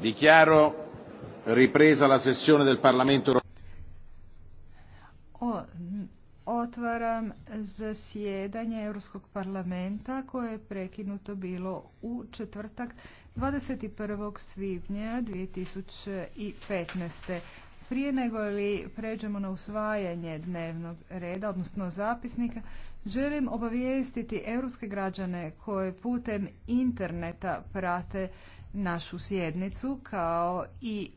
Dichiaro ripresa la sessione del Parlamento Otvaram zasjedanje Europskog parlamenta koje je prekinuto bilo u četvrtak 21. svibnja 2015. Prije nego li pređemo na usvajanje dnevnog reda, odnosno zapisnika, želim obavijestiti europske građane koje putem interneta prate našu sjednicu kao i